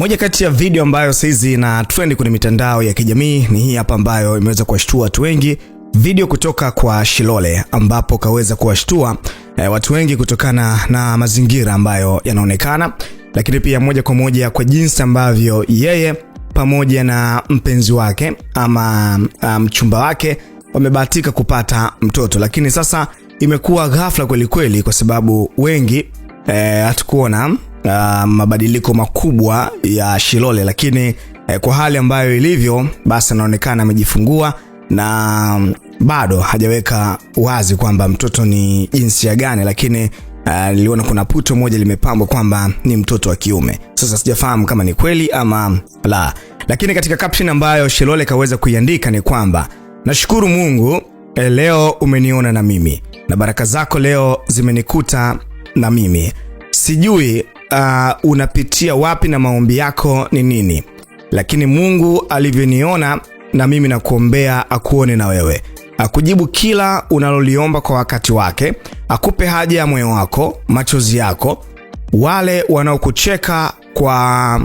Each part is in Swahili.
Moja kati ya video ambayo sahizi na trend kwenye mitandao ya kijamii ni hii hapa ambayo imeweza kuwashtua watu wengi, video kutoka kwa Shilole ambapo kaweza kuwashtua eh, watu wengi kutokana na mazingira ambayo yanaonekana, lakini pia moja kwa moja kwa jinsi ambavyo yeye pamoja na mpenzi wake ama ah, mchumba um, wake wamebahatika kupata mtoto, lakini sasa imekuwa ghafla kweli kweli, kwa sababu wengi eh, hatukuona eh, uh, mabadiliko makubwa ya Shilole, lakini eh, kwa hali ambayo ilivyo, basi anaonekana amejifungua na mm, bado hajaweka wazi kwamba mtoto ni jinsia gani, lakini eh, niliona uh, kuna puto moja limepambwa kwamba ni mtoto wa kiume. Sasa sijafahamu kama ni kweli ama la, lakini katika caption ambayo Shilole kaweza kuiandika ni kwamba nashukuru Mungu eh, leo umeniona na mimi na baraka zako leo zimenikuta na mimi, sijui uh, unapitia wapi na maombi yako ni nini, lakini Mungu alivyoniona na mimi nakuombea akuone na wewe akujibu kila unaloliomba kwa wakati wake, akupe haja ya moyo wako, machozi yako. Wale wanaokucheka kwa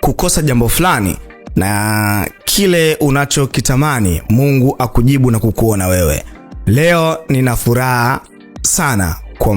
kukosa jambo fulani na kile unachokitamani, Mungu akujibu na kukuona wewe. Leo nina furaha sana kwa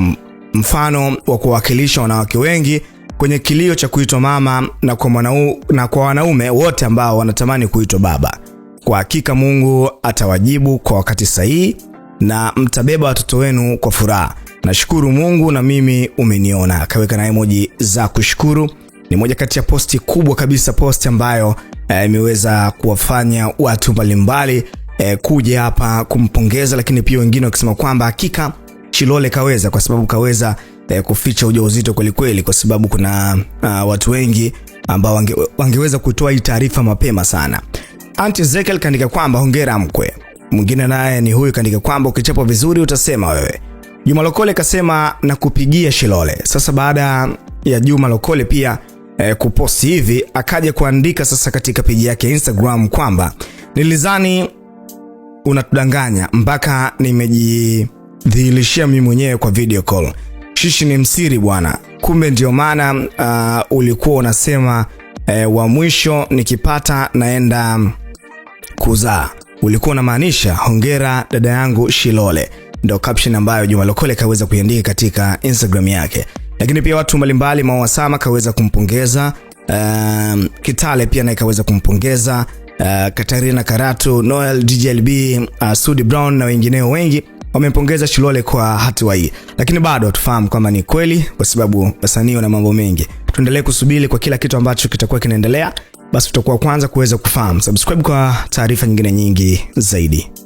mfano wa kuwakilisha wanawake wengi kwenye kilio cha kuitwa mama na kwa, mwanau, na kwa wanaume wote ambao wanatamani kuitwa baba. Kwa hakika Mungu atawajibu kwa wakati sahihi na mtabeba watoto wenu kwa furaha. Nashukuru Mungu na mimi umeniona. Akaweka na emoji za kushukuru. Ni moja kati ya posti kubwa kabisa, posti ambayo eh, imeweza eh, kuwafanya watu mbalimbali eh, kuja hapa kumpongeza, lakini pia wengine wakisema kwamba hakika Chilole kaweza kwa sababu kaweza eh, kuficha ujauzito kwelikweli, kwa sababu kuna uh, watu wengi ambao wange, wangeweza kutoa hii taarifa mapema sana. Anti Zekel kaandika kwamba hongera mkwe. Mwingine naye ni huyu kaandika kwamba ukichapwa vizuri utasema wewe. Juma Lokole kasema nakupigia Shilole. Sasa baada ya Juma Lokole pia eh, kuposti hivi akaja kuandika sasa katika peji yake Instagram kwamba nilizani unatudanganya mpaka nimeji dhihirishia mimi mwenyewe kwa video call. Shishi ni msiri bwana, kumbe ndio maana uh, ulikuwa unasema eh, wa mwisho nikipata naenda kuzaa. Ulikuwa unamaanisha hongera dada yangu Shilole. Ndio caption ambayo Juma Lokole kaweza kuiandika katika Instagram yake, lakini pia watu mbalimbali, Mawasama kaweza kumpongeza uh, Kitale pia naye kaweza kumpongeza uh, Katarina Karatu, Noel, DJLB, uh, Sudi Brown na wengineo wengi wamempongeza Shilole kwa hatua hii, lakini bado hatufahamu kama ni kweli, kwa sababu wasanii wana mambo mengi. Tuendelee kusubiri kwa kila kitu ambacho kitakuwa kinaendelea, basi tutakuwa kwanza kuweza kufahamu. Subscribe kwa taarifa nyingine nyingi zaidi.